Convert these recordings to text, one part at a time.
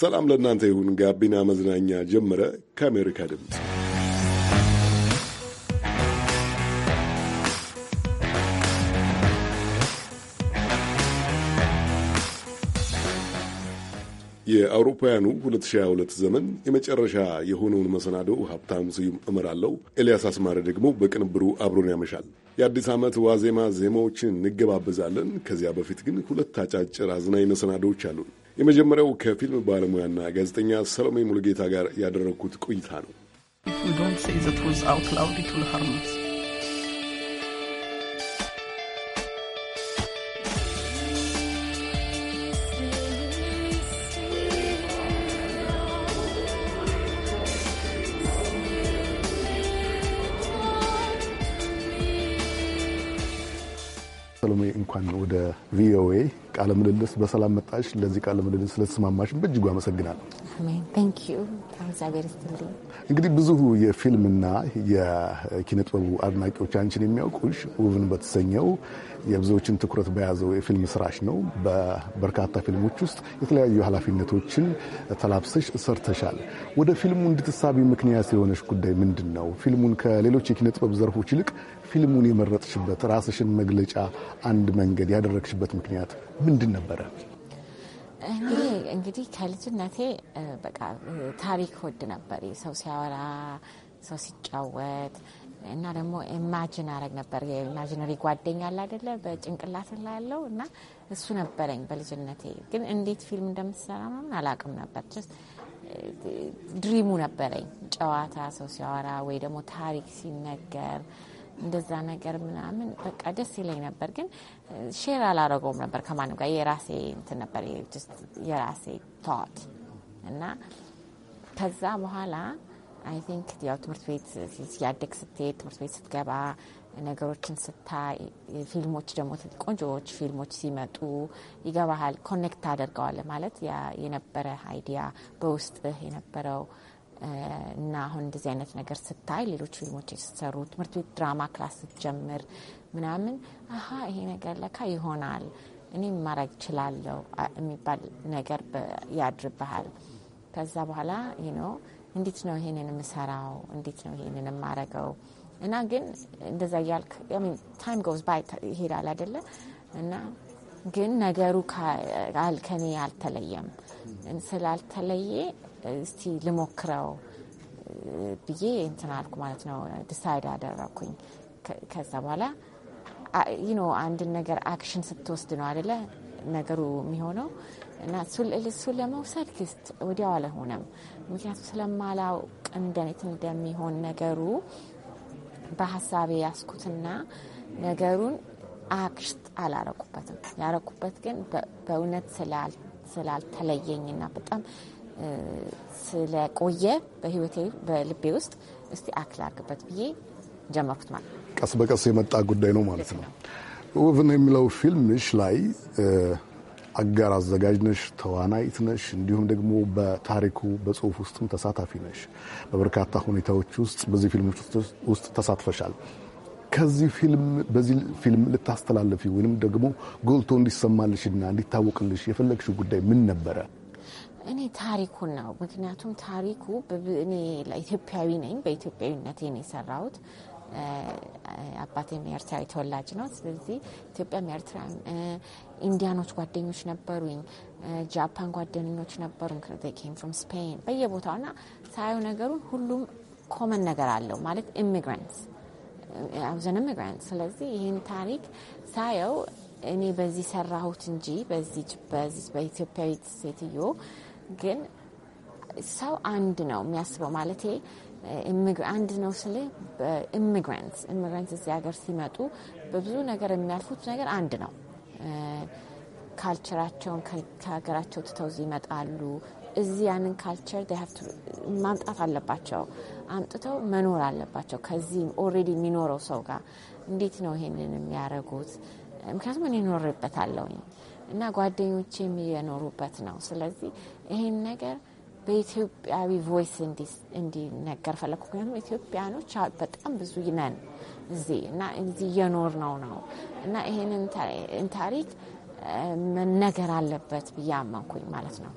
ሰላም ለእናንተ ይሁን። ጋቢና መዝናኛ ጀመረ። ከአሜሪካ ድምፅ የአውሮፓውያኑ 2022 ዘመን የመጨረሻ የሆነውን መሰናዶ ሀብታሙ ስዩም እመራለሁ። ኤልያስ አስማሪ ደግሞ በቅንብሩ አብሮን ያመሻል። የአዲስ ዓመት ዋዜማ ዜማዎችን እንገባበዛለን። ከዚያ በፊት ግን ሁለት አጫጭር አዝናኝ መሰናዶዎች አሉን። የመጀመሪያው ከፊልም ባለሙያና ጋዜጠኛ ሰሎሜ ሙሉጌታ ጋር ያደረግኩት ቆይታ ነው። ሰሎሜ እንኳን ወደ ቪኦኤ ቃለ ምልልስ በሰላም መጣሽ። ለዚህ ቃለ ምልልስ ስለተስማማሽን በእጅጉ አመሰግናለሁ። እንግዲህ ብዙ የፊልምና የኪነጥበቡ አድናቂዎች አንቺን የሚያውቁሽ ውብን በተሰኘው የብዙዎችን ትኩረት በያዘው የፊልም ስራሽ ነው። በበርካታ ፊልሞች ውስጥ የተለያዩ ኃላፊነቶችን ተላብሰሽ ሰርተሻል። ወደ ፊልሙ እንድትሳቢ ምክንያት የሆነች ጉዳይ ምንድን ነው? ፊልሙን ከሌሎች የኪነጥበብ ዘርፎች ይልቅ ፊልሙን የመረጥሽበት ራስሽን መግለጫ አንድ መንገድ ያደረግሽበት ምክንያት ምንድን ነበረ? እኔ እንግዲህ ከልጅነቴ በቃ ታሪክ ወድ ነበር። ሰው ሲያወራ፣ ሰው ሲጫወት እና ደግሞ ኢማጂን አረግ ነበር። የኢማጂነሪ ጓደኛ አለ አይደለ? በጭንቅላት ላይ ያለው እና እሱ ነበረኝ በልጅነቴ። ግን እንዴት ፊልም እንደምትሰራ ምናምን አላውቅም ነበር። ድሪሙ ነበረኝ ጨዋታ፣ ሰው ሲያወራ ወይ ደግሞ ታሪክ ሲነገር እንደዛ ነገር ምናምን በቃ ደስ ይለኝ ነበር፣ ግን ሼር አላረገውም ነበር ከማንም ጋር የራሴ እንትን ነበር የራሴ ታዋት እና ከዛ በኋላ አይ ቲንክ ያው ትምህርት ቤት ሲያደግ ስትሄድ ትምህርት ቤት ስትገባ ነገሮችን ስታይ ፊልሞች ደግሞ ቆንጆዎች ፊልሞች ሲመጡ ይገባሃል፣ ኮኔክት ታደርገዋለህ ማለት የነበረ አይዲያ በውስጥህ የነበረው እና አሁን እንደዚህ አይነት ነገር ስታይ ሌሎች ፊልሞች የተሰሩ ትምህርት ቤት ድራማ ክላስ ስትጀምር ምናምን አሀ ይሄ ነገር ለካ ይሆናል እኔ ማድረግ እችላለሁ የሚባል ነገር ያድርብሃል። ከዛ በኋላ ነው እንዴት ነው ይሄንን የምሰራው? እንዴት ነው ይሄንን የማረገው? እና ግን እንደዛ እያልክ ታይም ጎዝ ባይ ይሄዳል አይደለ? እና ግን ነገሩ ከኔ አልተለየም። ስላልተለየ እስቲ ልሞክረው ብዬ እንትን አልኩ ማለት ነው። ዲሳይድ አደረኩኝ። ከዛ በኋላ ይኖ አንድን ነገር አክሽን ስትወስድ ነው አደለ ነገሩ የሚሆነው እና እሱን ለመውሰድ ግስት ወዲያው አልሆነም። ምክንያቱም ስለማላውቅ እንደት እንደሚሆን ነገሩ በሀሳቤ ያስኩትና ነገሩን አክሽት አላረኩበትም። ያረኩበት ግን በእውነት ስላልተለየኝና በጣም ስለቆየ በህይወቴ በልቤ ውስጥ እስቲ አክል አርግበት ብዬ ጀመርኩት ማለት ነው። ቀስ በቀስ የመጣ ጉዳይ ነው ማለት ነው። ውብን የሚለው ፊልምሽ ላይ አጋር አዘጋጅ ነሽ፣ ተዋናይት ነሽ፣ እንዲሁም ደግሞ በታሪኩ በጽሁፍ ውስጥም ተሳታፊ ነሽ። በበርካታ ሁኔታዎች ውስጥ በዚህ ፊልም ውስጥ ተሳትፈሻል። ከዚህ ፊልም በዚህ ፊልም ልታስተላለፊ ወይም ደግሞ ጎልቶ እንዲሰማልሽና እንዲታወቅልሽ የፈለግሽው ጉዳይ ምን ነበረ? እኔ ታሪኩን ነው። ምክንያቱም ታሪኩ እኔ ኢትዮጵያዊ ነኝ፣ በኢትዮጵያዊነቴ ነው የሰራሁት። አባቴም ኤርትራዊ ተወላጅ ነው። ስለዚህ ኢትዮጵያም ኤርትራ፣ ኢንዲያኖች ጓደኞች ነበሩኝ፣ ጃፓን ጓደኞች ነበሩ፣ ኬም ፍሮም ስፔን በየቦታው እና ሳየው ነገሩን ሁሉም ኮመን ነገር አለው ማለት ኢሚግራንት አብዘን ኢሚግራንት። ስለዚህ ይህን ታሪክ ሳየው እኔ በዚህ ሰራሁት እንጂ በዚህ በኢትዮጵያዊት ሴትዮ ግን ሰው አንድ ነው የሚያስበው ማለት አንድ ነው ስል ኢሚግራንት ኢሚግራንት እዚህ ሀገር ሲመጡ በብዙ ነገር የሚያልፉት ነገር አንድ ነው። ካልቸራቸውን ከሀገራቸው ትተው እዚህ ይመጣሉ። እዚህ ያንን ካልቸር ማምጣት አለባቸው፣ አምጥተው መኖር አለባቸው ከዚህ ኦልሬዲ የሚኖረው ሰው ጋር። እንዴት ነው ይሄንን የሚያደርጉት? ምክንያቱም እኔ ኖሬበታለሁኝ። እና ጓደኞች የሚኖሩበት ነው። ስለዚህ ይህን ነገር በኢትዮጵያዊ ቮይስ እንዲነገር ፈለኩ። ምክንያቱም ኢትዮጵያኖች በጣም ብዙ ነን እዚህ እና እዚህ እየኖር ነው ነው እና ይህንን ታሪክ መነገር አለበት ብዬ አመንኩኝ ማለት ነው።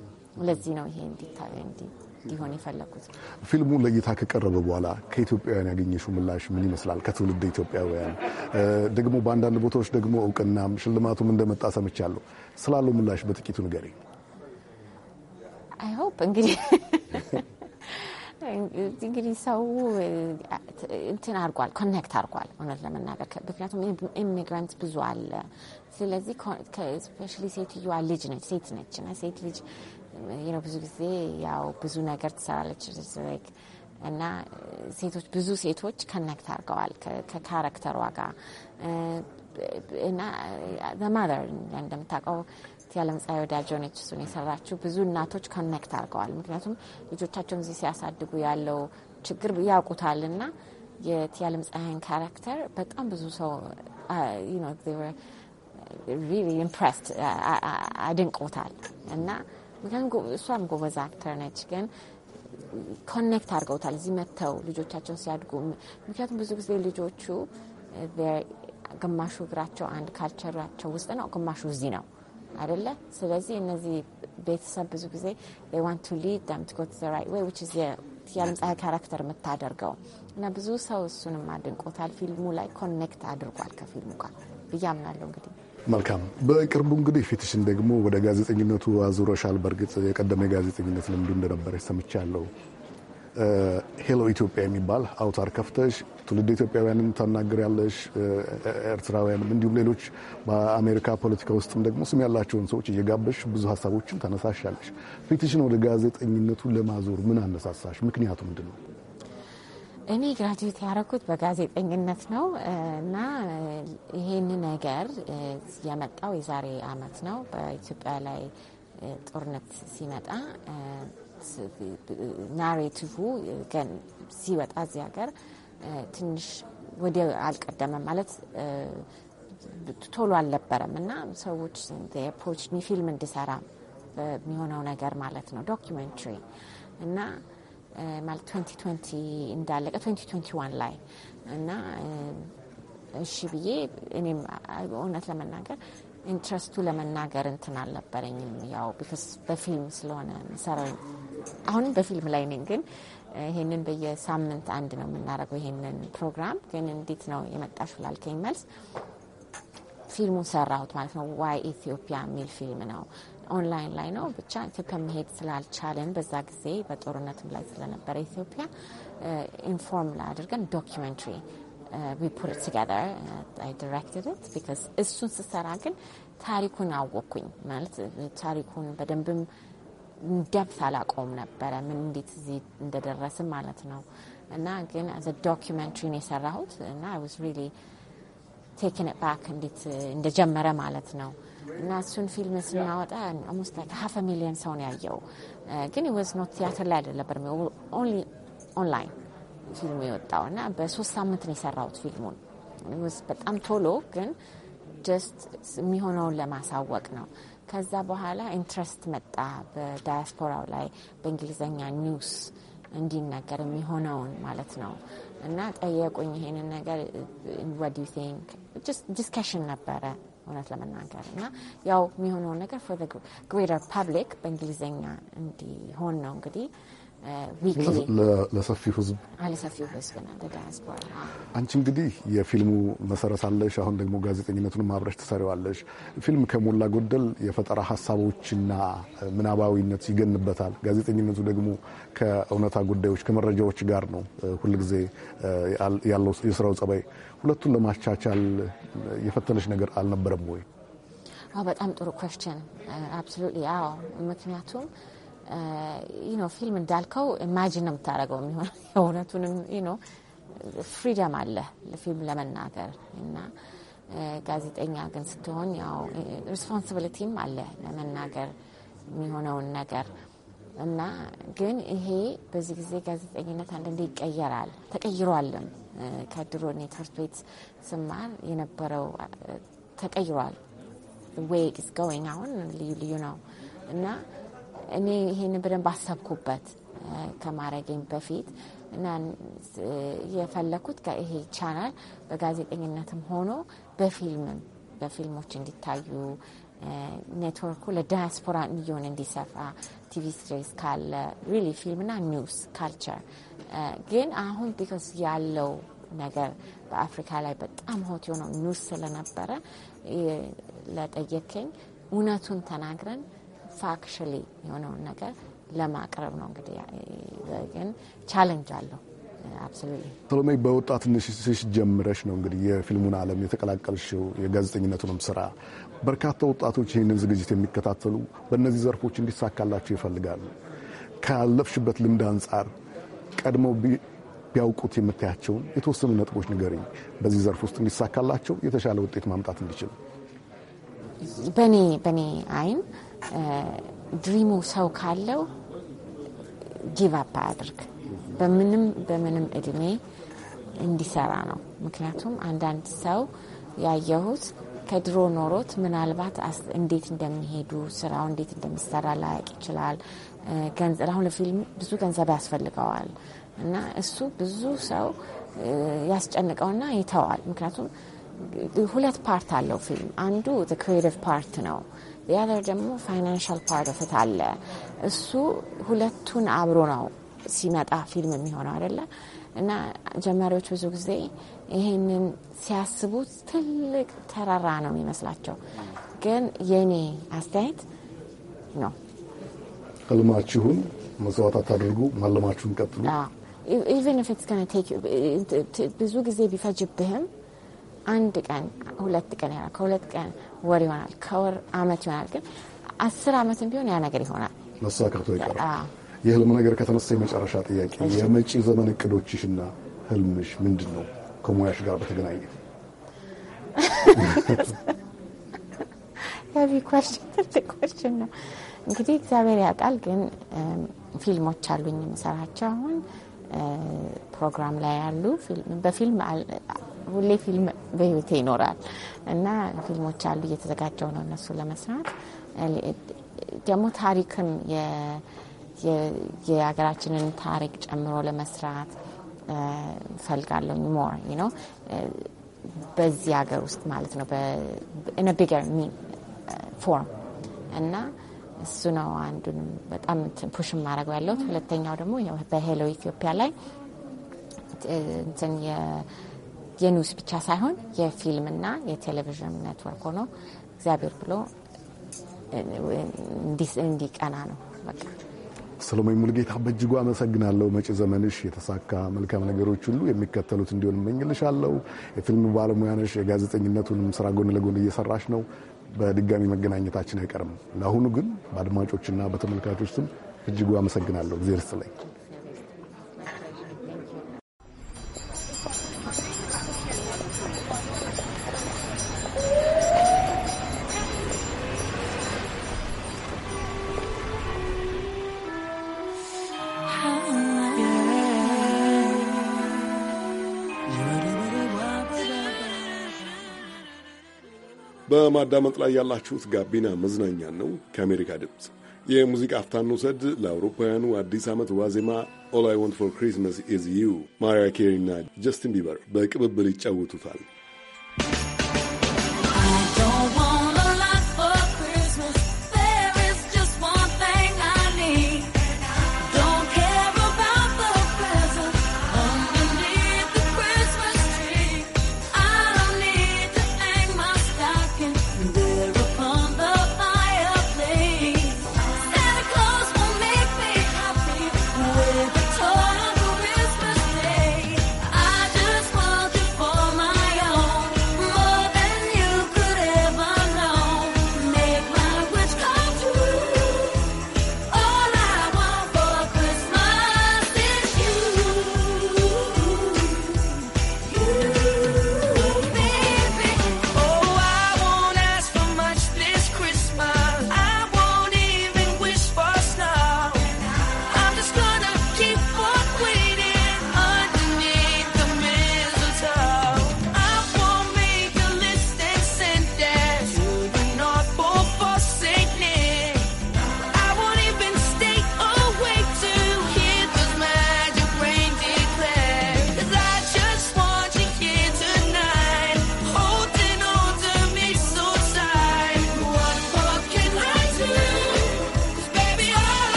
ለዚህ ነው ይሄ እንዲታ እንዲታይ ሊሆን የፈለጉት። ፊልሙ ለእይታ ከቀረበ በኋላ ከኢትዮጵያውያን ያገኘሽው ምላሽ ምን ይመስላል? ከትውልድ ኢትዮጵያውያን ደግሞ በአንዳንድ ቦታዎች ደግሞ እውቅናም ሽልማቱም እንደመጣ ሰምቻለሁ። ስላለው ምላሽ በጥቂቱ ንገሪኝ። አይሆፕ እንግዲህ እንግዲህ ሰው እንትን አድርጓል፣ ኮኔክት አድርጓል። እውነት ለመናገር ምክንያቱም ኢሚግራንት ብዙ አለ። ስለዚህ ስፔሻሊ ሴትዮዋ ልጅ ነች፣ ሴት ነች እና ሴት ልጅ ነው ብዙ ጊዜ ያው ብዙ ነገር ትሰራለች እና ሴቶች ብዙ ሴቶች ከነክት አድርገዋል ከካረክተሯ ጋር እና ዘማደር እንደምታውቀው ያለም ፀሐይ ወዳጅ ሆነች እሱን የሰራችው ብዙ እናቶች ከነክት አድርገዋል። ምክንያቱም ልጆቻቸውን እዚህ ሲያሳድጉ ያለው ችግር ያውቁታል እና የትያለም ፀሐይን ካራክተር በጣም ብዙ ሰው ኢምፕረስድ አድንቆታል እና ምክንያቱም እሷም ጎበዝ አክተር ነች ግን ኮኔክት አድርገውታል እዚህ መጥተው ልጆቻቸው ሲያድጉ። ምክንያቱም ብዙ ጊዜ ልጆቹ uh, ግማሹ እግራቸው አንድ ካልቸራቸው ውስጥ ነው፣ ግማሹ እዚህ ነው አይደለ? ስለዚህ እነዚህ ቤተሰብ ብዙ ጊዜ ዋንቱ ሊድ ምትጎት ራይት ወይ ዊች የአለምፀሐይ ካራክተር የምታደርገው እና ብዙ ሰው እሱንም አድንቆታል። ፊልሙ ላይ ኮኔክት አድርጓል ከፊልሙ ጋር ብዬ አምናለሁ እንግዲህ መልካም። በቅርቡ እንግዲህ ፊትሽን ደግሞ ወደ ጋዜጠኝነቱ አዙረሻል። በእርግጥ የቀደመ የጋዜጠኝነት ልምዱ እንደነበረ ሰምቻለሁ። ሄሎ ኢትዮጵያ የሚባል አውታር ከፍተሽ ትውልድ ኢትዮጵያውያንም ያለሽ ኤርትራውያንም፣ እንዲሁም ሌሎች በአሜሪካ ፖለቲካ ውስጥም ደግሞ ስም ያላቸውን ሰዎች እየጋበሽ ብዙ ሀሳቦችን ተነሳሻለሽ። ፊትሽን ወደ ጋዜጠኝነቱ ለማዞር ምን አነሳሳሽ? ምክንያቱ ምንድን ነው? እኔ ግራጁዌት ያደረኩት በጋዜጠኝነት ነው እና ይህን ነገር የመጣው የዛሬ አመት ነው። በኢትዮጵያ ላይ ጦርነት ሲመጣ ናሬቲቭ ሲወጣ እዚህ ሀገር ትንሽ ወደ አልቀደመም ማለት ቶሎ አልነበረም እና ሰዎች ፖች ፊልም እንድሰራ የሚሆነው ነገር ማለት ነው ዶኪመንትሪ እና ማለት 2020 እንዳለቀ 2021 ላይ እና እሺ ብዬ እኔም እውነት ለመናገር ኢንትረስቱ ለመናገር እንትን አልነበረኝም። ያው ቢካስ በፊልም ስለሆነ ሰራ አሁንም በፊልም ላይ ነኝ። ግን ይሄንን በየሳምንት አንድ ነው የምናደርገው ይሄንን ፕሮግራም። ግን እንዴት ነው የመጣሽ ላልከኝ መልስ ፊልሙን ሰራሁት ማለት ነው። ዋይ ኢትዮጵያ የሚል ፊልም ነው ኦንላይን ላይ ነው። ብቻ ኢትዮጵያ መሄድ ስላልቻለን በዛ ጊዜ በጦርነትም ላይ ስለነበረ ኢትዮጵያ ኢንፎርም ላይ አድርገን ዶኪመንትሪ እሱን ስሰራ ግን ታሪኩን አወቅኩኝ ማለት ታሪኩን በደንብም ደብት አላቆም ነበረ ምን እንዴት እዚህ እንደደረስም ማለት ነው እና ግን ዶኪመንትሪን የሰራሁት እና ቴክን ባክ እንዴት እንደጀመረ ማለት ነው። እና እሱን ፊልም ስናወጣ ኦልሞስት ላይክ ሀፍ ሚሊዮን ሰውን ያየው። ግን ወዝ ኖት ቲያትር ላይ አይደለም፣ ኦንሊ ኦንላይን ፊልሙ የወጣው እና በሶስት ሳምንት ነው የሰራሁት ፊልሙን። ወዝ በጣም ቶሎ ግን ጀስት የሚሆነውን ለማሳወቅ ነው። ከዛ በኋላ ኢንትረስት መጣ በዳያስፖራው ላይ በእንግሊዝኛ ኒውስ እንዲነገር የሚሆነውን ማለት ነው እና ጠየቁኝ ይሄንን ነገር ወዲሲንክ ዲስከሽን ነበረ እውነት ለመናገር እና ያው የሚሆነውን ነገር ግሬተር ፐብሊክ በእንግሊዝኛ እንዲሆን ነው እንግዲህ ለሰፊው ህዝብ አንቺ እንግዲህ የፊልሙ መሰረት አለሽ። አሁን ደግሞ ጋዜጠኝነቱን ማብረሽ ትሰሪዋለሽ። ፊልም ከሞላ ጎደል የፈጠራ ሀሳቦችና ምናባዊነት ይገንበታል። ጋዜጠኝነቱ ደግሞ ከእውነታ ጉዳዮች ከመረጃዎች ጋር ነው ሁልጊዜ ያለው የስራው ጸባይ። ሁለቱን ለማቻቻል የፈተነች ነገር አልነበረም ወይ? በጣም ጥሩ ኮስችን አብሶሉትሊ። አዎ ምክንያቱም ፊልም እንዳልከው ኢማጂን ነው የምታደርገው የሚሆነ እውነቱንም ፍሪደም አለ ፊልም ለመናገር እና ጋዜጠኛ ግን ስትሆን ያው ሪስፖንሲቢሊቲም አለ ለመናገር የሚሆነውን ነገር እና ግን ይሄ በዚህ ጊዜ ጋዜጠኝነት አንዳንዴ ይቀየራል፣ ተቀይሯልም። ከድሮ እኔ ትምህርት ቤት ስማር የነበረው ተቀይሯል። ዌይ ኢዝ ጎይንግ አሁን ልዩ ልዩ ነው እና እኔ ይህን በደንብ አሰብኩበት ከማረጌም በፊት እና የፈለኩት ይሄ ቻናል በጋዜጠኝነትም ሆኖ በፊልምም በፊልሞች እንዲታዩ ኔትወርኩ ለዳያስፖራ ሚሊዮን እንዲሰፋ ቲቪ ስትሬስ ካለ ሪሊ ፊልምና ኒውስ ካልቸር ግን አሁን ቢኮዝ ያለው ነገር በአፍሪካ ላይ በጣም ሆት የሆነው ኒውስ ስለነበረ ለጠየከኝ እውነቱን ተናግረን ፋክሽሊ የሆነውን ነገር ለማቅረብ ነው። እንግዲህ ግን ቻለንጅ አለው። ሰሎሜ በወጣትነትሽ ጀምረሽ ነው እንግዲህ የፊልሙን ዓለም የተቀላቀልሽው የጋዜጠኝነቱንም ስራ። በርካታ ወጣቶች ይህንን ዝግጅት የሚከታተሉ በእነዚህ ዘርፎች እንዲሳካላቸው ይፈልጋሉ። ካለፍሽበት ልምድ አንጻር ቀድመው ቢያውቁት የምታያቸውን የተወሰኑ ነጥቦች ንገሪኝ፣ በዚህ ዘርፍ ውስጥ እንዲሳካላቸው የተሻለ ውጤት ማምጣት እንዲችል በእኔ በኔ አይን ድሪሙ ሰው ካለው ጊቭ አፕ አድርግ በምንም በምንም እድሜ እንዲሰራ ነው። ምክንያቱም አንዳንድ ሰው ያየሁት ከድሮ ኖሮት ምናልባት እንዴት እንደሚሄዱ ስራው እንዴት እንደሚሰራ ላያቅ ይችላል። አሁን ለፊልም ብዙ ገንዘብ ያስፈልገዋል እና እሱ ብዙ ሰው ያስጨንቀውና ይተዋል። ምክንያቱም ሁለት ፓርት አለው ፊልም። አንዱ ክሬቲቭ ፓርት ነው ሌላው ደግሞ ፋይናንሻል ፓርት ኦፍ አለ። እሱ ሁለቱን አብሮ ነው ሲመጣ ፊልም የሚሆነው አይደለ እና ጀማሪዎች ብዙ ጊዜ ይሄንን ሲያስቡት ትልቅ ተራራ ነው የሚመስላቸው፣ ግን የኔ አስተያየት ነው ህልማችሁን መስዋዕት አታድርጉ፣ ማለማችሁን ቀጥሉ። ኢቨን ኢፍ ኢትስ ጋና ቴክ ብዙ ጊዜ ቢፈጅብህም አንድ ቀን ሁለት ቀን ያ ከሁለት ቀን ወር ይሆናል፣ ከወር አመት ይሆናል። ግን አስር አመትም ቢሆን ያ ነገር ይሆናል መሳካቱ አይቀርም። የህልም ነገር ከተነሳ የመጨረሻ ጥያቄ የመጪ ዘመን እቅዶችሽና ህልምሽ ምንድን ነው? ከሙያሽ ጋር በተገናኘ ኳስችን ነው እንግዲህ እግዚአብሔር ያውቃል። ግን ፊልሞች አሉኝ የምሰራቸው አሁን ፕሮግራም ላይ ያሉ በፊልም ሁሌ ፊልም በህይወቴ ይኖራል እና ፊልሞች አሉ፣ እየተዘጋጀው ነው እነሱ ለመስራት ደግሞ ታሪክም የሀገራችንን ታሪክ ጨምሮ ለመስራት ፈልጋለሁ። ሞር ነው በዚህ ሀገር ውስጥ ማለት ነው ቢገር ፎርም እና እሱ ነው አንዱንም በጣም ፑሽ ማድረገው ያለሁት። ሁለተኛው ደግሞ በሄሎ ኢትዮጵያ ላይ እንትን የኒውስ ብቻ ሳይሆን የፊልምና የቴሌቪዥን ኔትወርክ ሆኖ እግዚአብሔር ብሎ እንዲቀና ነው። በቃ ሰሎሜ ሙልጌታ በእጅጉ አመሰግናለሁ። መጪ ዘመንሽ የተሳካ መልካም ነገሮች ሁሉ የሚከተሉት እንዲሆን እመኝልሻለሁ። የፊልም ባለሙያ ነሽ፣ የጋዜጠኝነቱንም ስራ ጎን ለጎን እየሰራሽ ነው። በድጋሚ መገናኘታችን አይቀርም። ለአሁኑ ግን በአድማጮችና በተመልካቾች ስም እጅጉ አመሰግናለሁ። እግዜር ይስጥልኝ። በማዳመጥ ላይ ያላችሁት ጋቢና መዝናኛ ነው ከአሜሪካ ድምፅ። የሙዚቃ አፍታን ውሰድ። ለአውሮፓውያኑ አዲስ ዓመት ዋዜማ ኦል አይ ወንት ፎር ክሪስማስ ኢዝ ዩ ማሪያ ኬሪ እና ጀስቲን ቢበር በቅብብል ይጫወቱታል።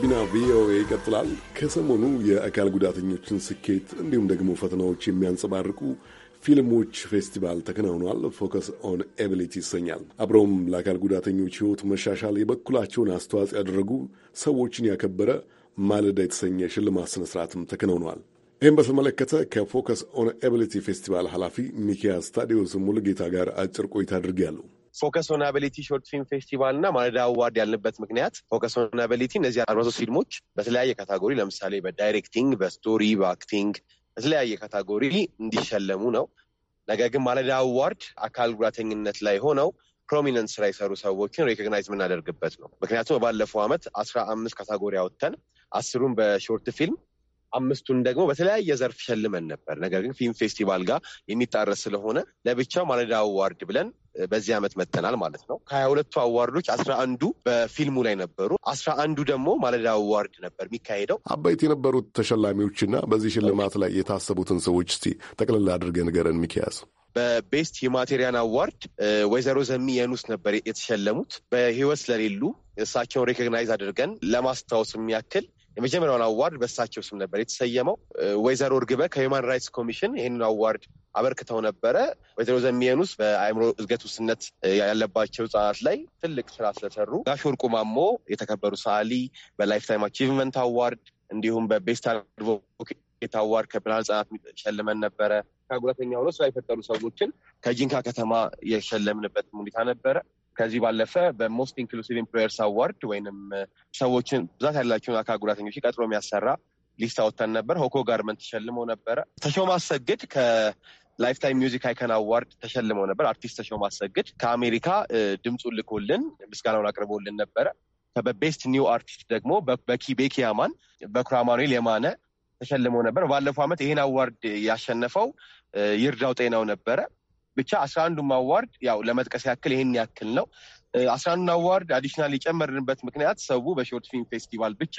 ጋቢና ቪኦኤ ይቀጥላል። ከሰሞኑ የአካል ጉዳተኞችን ስኬት እንዲሁም ደግሞ ፈተናዎች የሚያንጸባርቁ ፊልሞች ፌስቲቫል ተከናውኗል። ፎከስ ኦን ኤቢሊቲ ይሰኛል። አብረውም ለአካል ጉዳተኞች ሕይወት መሻሻል የበኩላቸውን አስተዋጽኦ ያደረጉ ሰዎችን ያከበረ ማለዳ የተሰኘ ሽልማት ስነ ስርዓትም ተከናውኗል። ይህም በተመለከተ ከፎከስ ኦን ኤቢሊቲ ፌስቲቫል ኃላፊ ሚኪያስ ታዲዮስ ሙሉጌታ ጋር አጭር ቆይታ አድርጌያለሁ። ፎከስ ኦን ሾርት ፊልም ፌስቲቫል እና ማለዳ አዋርድ ያልንበት ምክንያት ፎከስ ኦናቢሊቲ እነዚህ አርባ ሶስት ፊልሞች በተለያየ ካታጎሪ ለምሳሌ በዳይሬክቲንግ፣ በስቶሪ፣ በአክቲንግ በተለያየ ካታጎሪ እንዲሸለሙ ነው። ነገር ግን ማለዳ አዋርድ አካል ጉዳተኝነት ላይ ሆነው ፕሮሚነንት ስራ የሰሩ ሰዎችን ሬኮግናይዝ የምናደርግበት ነው። ምክንያቱም ባለፈው ዓመት አስራ አምስት ካታጎሪ አወጥተን አስሩን በሾርት ፊልም አምስቱን ደግሞ በተለያየ ዘርፍ ሸልመን ነበር። ነገር ግን ፊልም ፌስቲቫል ጋር የሚጣረስ ስለሆነ ለብቻው ማለዳ አዋርድ ብለን በዚህ ዓመት መተናል ማለት ነው። ከሀያ ሁለቱ አዋርዶች አስራ አንዱ በፊልሙ ላይ ነበሩ። አስራ አንዱ ደግሞ ማለዳ አዋርድ ነበር የሚካሄደው። አበይት የነበሩት ተሸላሚዎችና በዚህ ሽልማት ላይ የታሰቡትን ሰዎች እስቲ ጠቅልላ አድርገ ንገረን ሚኪያዝ። በቤስት የማቴሪያን አዋርድ ወይዘሮ ዘሚ የኑስ ነበር የተሸለሙት በህይወት ስለሌሉ እሳቸውን ሬኮግናይዝ አድርገን ለማስታወስ የሚያክል የመጀመሪያውን አዋርድ በሳቸው ስም ነበር የተሰየመው። ወይዘሮ እርግበ ከሂውማን ራይትስ ኮሚሽን ይህንን አዋርድ አበርክተው ነበረ። ወይዘሮ ዘሚየኑስ በአእምሮ እድገት ውስንነት ያለባቸው ህጻናት ላይ ትልቅ ስራ ስለሰሩ፣ ጋሽ ወርቁ ማሞ የተከበሩ ሰዓሊ በላይፍታይም አቺቭመንት አዋርድ እንዲሁም በቤስት አድቮኬት አዋርድ ከብርሃን ህጻናት ሸልመን ነበረ። ከጉዳተኛ ሆኖ ስራ የፈጠሩ ሰዎችን ከጂንካ ከተማ የሸለምንበት ሁኔታ ነበረ። ከዚህ ባለፈ በሞስት ኢንክሉሲቭ ኤምፕሎየርስ አዋርድ ወይንም ሰዎችን ብዛት ያላቸውን አካል ጉዳተኞች ቀጥሮ የሚያሰራ ሊስት አወጥተን ነበር። ሆኮ ጋርመንት ተሸልሞ ነበረ። ተሾመ አሰግድ ከላይፍታይም ሚውዚክ አይከን አዋርድ ተሸልመው ነበር። አርቲስት ተሾመ አሰግድ ከአሜሪካ ድምፁን ልኮልን ምስጋናውን አቅርቦልን ነበረ። በቤስት ኒው አርቲስት ደግሞ በኪቤክ ያማን በኩራማኑኤል የማነ ተሸልመው ነበር። ባለፈው ዓመት ይህን አዋርድ ያሸነፈው ይርዳው ጤናው ነበረ። ብቻ አስራ አንዱም አዋርድ ያው ለመጥቀስ ያክል ይህን ያክል ነው። አስራ አንዱን አዋርድ አዲሽናል የጨመርንበት ምክንያት ሰው በሾርት ፊልም ፌስቲቫል ብቻ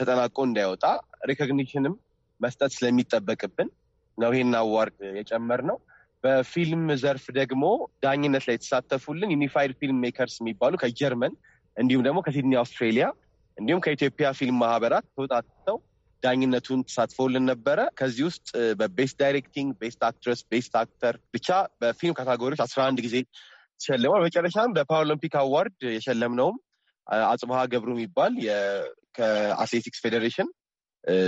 ተጠናቆ እንዳይወጣ ሪኮግኒሽንም መስጠት ስለሚጠበቅብን ነው ይህን አዋርድ የጨመርነው። በፊልም ዘርፍ ደግሞ ዳኝነት ላይ የተሳተፉልን ዩኒፋይድ ፊልም ሜከርስ የሚባሉ ከጀርመን እንዲሁም ደግሞ ከሲድኒ አውስትሬሊያ እንዲሁም ከኢትዮጵያ ፊልም ማህበራት ተውጣጥተው ዳኝነቱን ተሳትፎልን ነበረ። ከዚህ ውስጥ በቤስት ዳይሬክቲንግ፣ ቤስት አክትረስ፣ ቤስት አክተር ብቻ በፊልም ካታጎሪዎች አስራ አንድ ጊዜ ተሸልሟል። መጨረሻም በፓራኦሎምፒክ አዋርድ የሸለምነውም አጽብሃ ገብሩ የሚባል ከአትሌቲክስ ፌዴሬሽን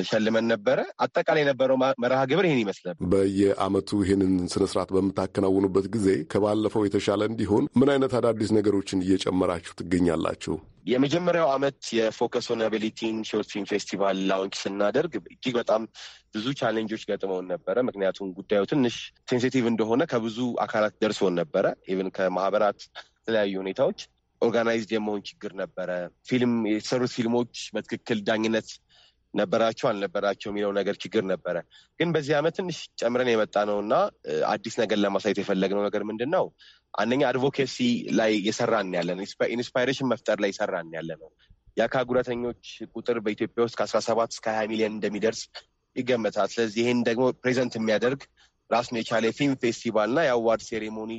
ሸልመን ነበረ። አጠቃላይ የነበረው መርሃ ግብር ይህን ይመስላል። በየአመቱ ይህንን ስነስርዓት በምታከናውኑበት ጊዜ ከባለፈው የተሻለ እንዲሆን ምን አይነት አዳዲስ ነገሮችን እየጨመራችሁ ትገኛላችሁ? የመጀመሪያው አመት የፎከስ ኦን አቢሊቲን ሾርት ፊልም ፌስቲቫል ላውንች ስናደርግ እጅግ በጣም ብዙ ቻሌንጆች ገጥመውን ነበረ። ምክንያቱም ጉዳዩ ትንሽ ሴንሲቲቭ እንደሆነ ከብዙ አካላት ደርሶን ነበረ። ኢቨን ከማህበራት የተለያዩ ሁኔታዎች ኦርጋናይዝድ የመሆን ችግር ነበረ። ፊልም የተሰሩት ፊልሞች በትክክል ዳኝነት ነበራቸው አልነበራቸው የሚለው ነገር ችግር ነበረ። ግን በዚህ ዓመት ትንሽ ጨምረን የመጣ ነው እና አዲስ ነገር ለማሳየት የፈለግነው ነገር ምንድን ነው? አንደኛ አድቮኬሲ ላይ የሰራን ያለ ነው። ኢንስፓይሬሽን መፍጠር ላይ የሰራን ያለ ነው። የአካል ጉዳተኞች ቁጥር በኢትዮጵያ ውስጥ ከአስራ ሰባት እስከ ሀያ ሚሊዮን እንደሚደርስ ይገመታል። ስለዚህ ይህን ደግሞ ፕሬዘንት የሚያደርግ ራሱን የቻለ የፊልም ፌስቲቫል እና የአዋርድ ሴሬሞኒ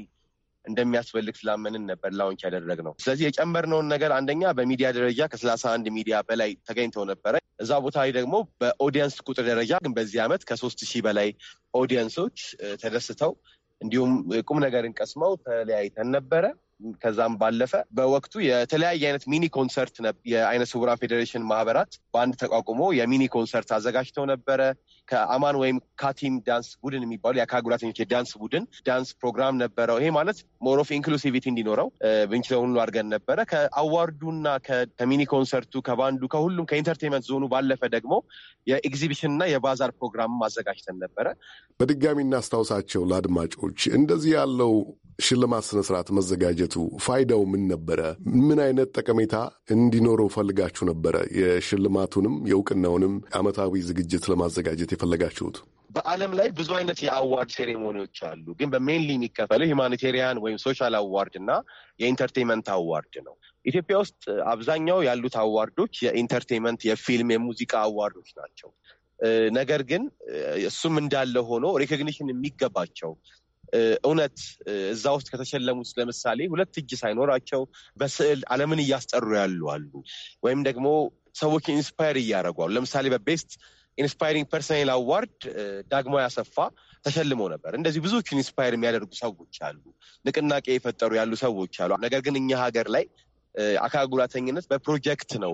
እንደሚያስፈልግ ስላመንን ነበር ላውንች ነው። ስለዚህ የጨመርነውን ነገር አንደኛ በሚዲያ ደረጃ ከሰላሳ አንድ ሚዲያ በላይ ተገኝተው ነበረ። እዛ ቦታ ላይ ደግሞ በኦዲየንስ ቁጥር ደረጃ ግን በዚህ ዓመት ከሶስት ሺህ በላይ ኦዲየንሶች ተደስተው እንዲሁም ቁም ነገርን ቀስመው ተለያይተን ነበረ። ከዛም ባለፈ በወቅቱ የተለያየ አይነት ሚኒ ኮንሰርት የአይነ ስውራን ፌዴሬሽን ማህበራት በአንድ ተቋቁሞ የሚኒ ኮንሰርት አዘጋጅተው ነበረ። ከአማን ወይም ካቲም ዳንስ ቡድን የሚባሉ የአካል ጉዳተኞች የዳንስ ቡድን ዳንስ ፕሮግራም ነበረው። ይሄ ማለት ሞር ኦፍ ኢንክሉሲቪቲ እንዲኖረው ብንችለው ሁሉ አድርገን ነበረ። ከአዋርዱና ከሚኒ ኮንሰርቱ፣ ከባንዱ፣ ከሁሉም ከኢንተርቴንመንት ዞኑ ባለፈ ደግሞ የኤግዚቢሽንና የባዛር ፕሮግራም አዘጋጅተን ነበረ። በድጋሚ እናስታውሳቸው ለአድማጮች እንደዚህ ያለው ሽልማት ስነስርዓት መዘጋጀቱ ፋይዳው ምን ነበረ? ምን አይነት ጠቀሜታ እንዲኖረው ፈልጋችሁ ነበረ? የሽልማቱንም የእውቅናውንም አመታዊ ዝግጅት ለማዘጋጀት የፈለጋችሁት? በዓለም ላይ ብዙ አይነት የአዋርድ ሴሬሞኒዎች አሉ። ግን በሜንሊ የሚከፈለው ሂማኒቴሪያን ወይም ሶሻል አዋርድ እና የኢንተርቴንመንት አዋርድ ነው። ኢትዮጵያ ውስጥ አብዛኛው ያሉት አዋርዶች የኢንተርቴንመንት፣ የፊልም፣ የሙዚቃ አዋርዶች ናቸው። ነገር ግን እሱም እንዳለ ሆኖ ሬኮግኒሽን የሚገባቸው እውነት እዛ ውስጥ ከተሸለሙት ለምሳሌ ሁለት እጅ ሳይኖራቸው በስዕል ዓለምን እያስጠሩ ያሉ አሉ። ወይም ደግሞ ሰዎችን ኢንስፓየር እያደረጓሉ። ለምሳሌ በቤስት ኢንስፓይሪንግ ፐርሰኔል አዋርድ ዳግሞ ያሰፋ ተሸልሞ ነበር። እንደዚህ ብዙዎቹን ኢንስፓየር የሚያደርጉ ሰዎች አሉ፣ ንቅናቄ የፈጠሩ ያሉ ሰዎች አሉ። ነገር ግን እኛ ሀገር ላይ አካል ጉዳተኝነት በፕሮጀክት ነው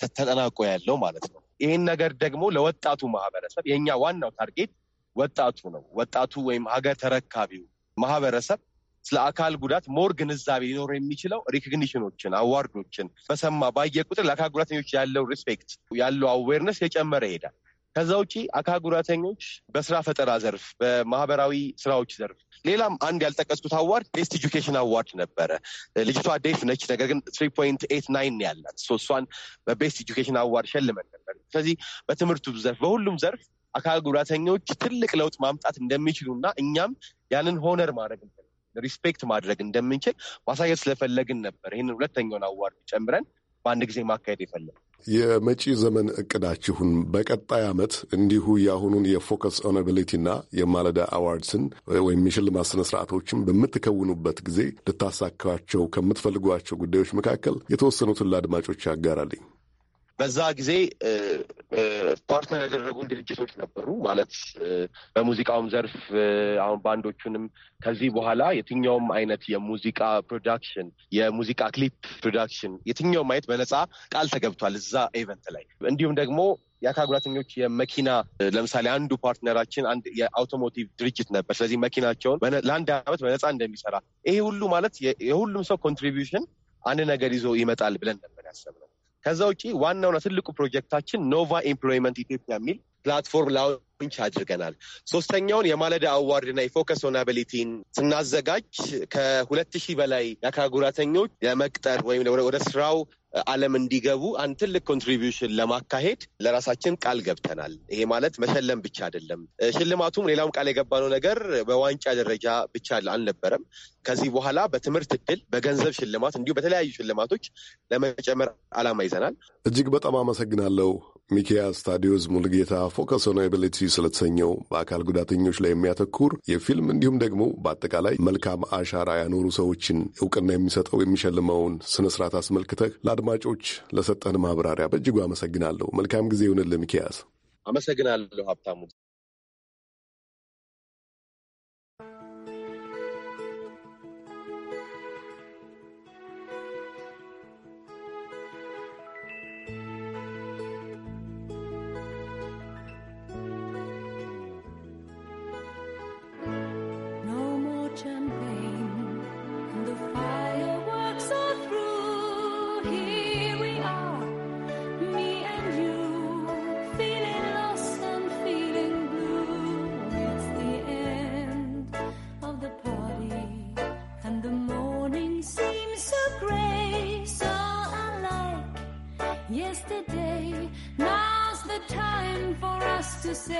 ተጠናቆ ያለው ማለት ነው። ይህን ነገር ደግሞ ለወጣቱ ማህበረሰብ የእኛ ዋናው ታርጌት ወጣቱ ነው። ወጣቱ ወይም ሀገር ተረካቢው ማህበረሰብ ስለ አካል ጉዳት ሞር ግንዛቤ ሊኖር የሚችለው ሪኮግኒሽኖችን፣ አዋርዶችን በሰማ ባየ ቁጥር ለአካል ጉዳተኞች ያለው ሪስፔክት ያለው አዌርነስ የጨመረ ይሄዳል። ከዛ ውጪ አካል ጉዳተኞች በስራ ፈጠራ ዘርፍ፣ በማህበራዊ ስራዎች ዘርፍ ሌላም አንድ ያልጠቀስኩት አዋርድ ቤስት ኤጁኬሽን አዋርድ ነበረ። ልጅቷ ዴፍ ነች፣ ነገር ግን ትሪ ፖይንት ኤት ናይን ያላት እሷን በቤስት ኤጁኬሽን አዋርድ ሸልመን ነበር። ስለዚህ በትምህርቱ ዘርፍ፣ በሁሉም ዘርፍ አካል ጉዳተኞች ትልቅ ለውጥ ማምጣት እንደሚችሉ እና እኛም ያንን ሆነር ማድረግ ሪስፔክት ማድረግ እንደምንችል ማሳየት ስለፈለግን ነበር ይህንን ሁለተኛውን አዋርድ ጨምረን በአንድ ጊዜ ማካሄድ የፈለግ የመጪ ዘመን እቅዳችሁን በቀጣይ ዓመት እንዲሁ የአሁኑን የፎከስ ኦነቢሊቲና የማለዳ አዋርድስን ወይም የሽልማት ስነ ስርዓቶችን በምትከውኑበት ጊዜ ልታሳካቸው ከምትፈልጓቸው ጉዳዮች መካከል የተወሰኑትን ለአድማጮች ያጋራልኝ። በዛ ጊዜ ፓርትነር ያደረጉን ድርጅቶች ነበሩ። ማለት በሙዚቃውም ዘርፍ አሁን ባንዶቹንም ከዚህ በኋላ የትኛውም አይነት የሙዚቃ ፕሮዳክሽን፣ የሙዚቃ ክሊፕ ፕሮዳክሽን የትኛውም አይነት በነፃ ቃል ተገብቷል እዛ ኤቨንት ላይ እንዲሁም ደግሞ የአካል ጉዳተኞች የመኪና ለምሳሌ አንዱ ፓርትነራችን አንድ የአውቶሞቲቭ ድርጅት ነበር። ስለዚህ መኪናቸውን ለአንድ ዓመት በነፃ እንደሚሰራ ይሄ ሁሉ ማለት የሁሉም ሰው ኮንትሪቢሽን አንድ ነገር ይዞ ይመጣል ብለን ነበር ያሰብነው። ከዛ ውጪ ዋናውና ትልቁ ፕሮጀክታችን ኖቫ ኤምፕሎይመንት ኢትዮጵያ የሚል ፕላትፎርም ቁንች አድርገናል። ሶስተኛውን የማለዳ አዋርድና የፎከስ ኦን ስናዘጋጅ ከሁለት ሺህ በላይ የአካል ጉዳተኞች ለመቅጠር ወይም ወደ ስራው ዓለም እንዲገቡ አንድ ትልቅ ኮንትሪቢሽን ለማካሄድ ለራሳችን ቃል ገብተናል። ይሄ ማለት መሸለም ብቻ አይደለም። ሽልማቱም ሌላውም ቃል የገባነው ነገር በዋንጫ ደረጃ ብቻ አልነበረም። ከዚህ በኋላ በትምህርት እድል፣ በገንዘብ ሽልማት እንዲሁም በተለያዩ ሽልማቶች ለመጨመር ዓላማ ይዘናል። እጅግ በጣም አመሰግናለሁ። ሚኪያስ ታዲዮስ ሙልጌታ ፎከስ ኦን አቢሊቲ ስለተሰኘው በአካል ጉዳተኞች ላይ የሚያተኩር የፊልም እንዲሁም ደግሞ በአጠቃላይ መልካም አሻራ ያኖሩ ሰዎችን እውቅና የሚሰጠው የሚሸልመውን ስነ ስርዓት አስመልክተህ ለአድማጮች ለሰጠን ማብራሪያ በእጅጉ አመሰግናለሁ። መልካም ጊዜ ይሁንልህ ሚኪያስ። አመሰግናለሁ ሀብታሙ። yesterday. Now's the time for us to say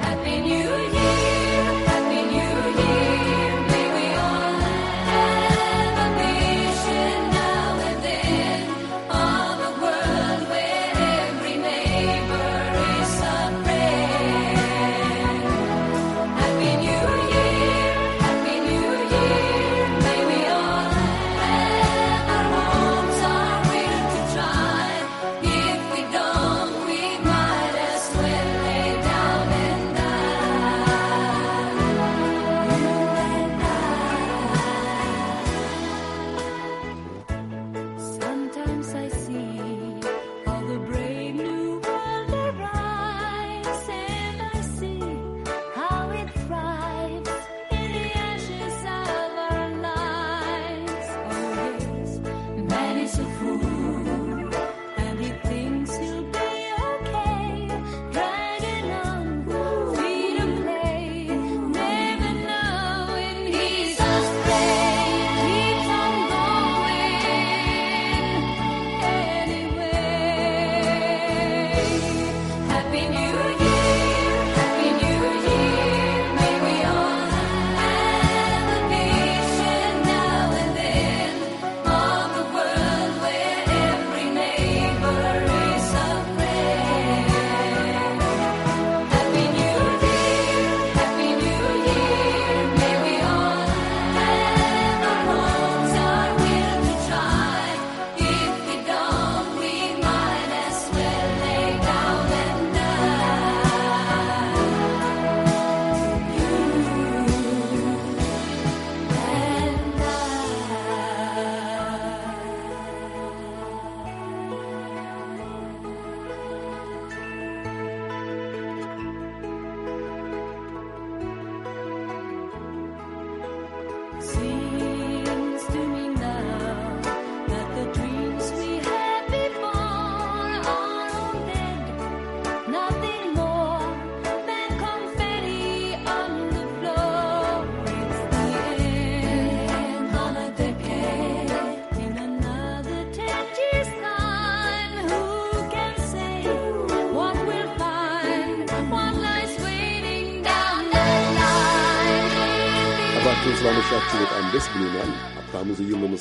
Happy New Year, Happy New Year.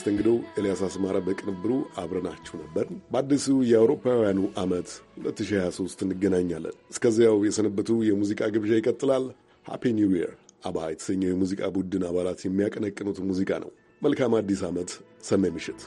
መስተንግዶ ኤልያስ አስማረ በቅንብሩ አብረናችሁ ነበር። በአዲሱ የአውሮፓውያኑ ዓመት 2023 እንገናኛለን። እስከዚያው የሰነበቱ የሙዚቃ ግብዣ ይቀጥላል። ሃፒ ኒው ይር አባ የተሰኘው የሙዚቃ ቡድን አባላት የሚያቀነቅኑት ሙዚቃ ነው። መልካም አዲስ ዓመት። ሰናይ ምሽት።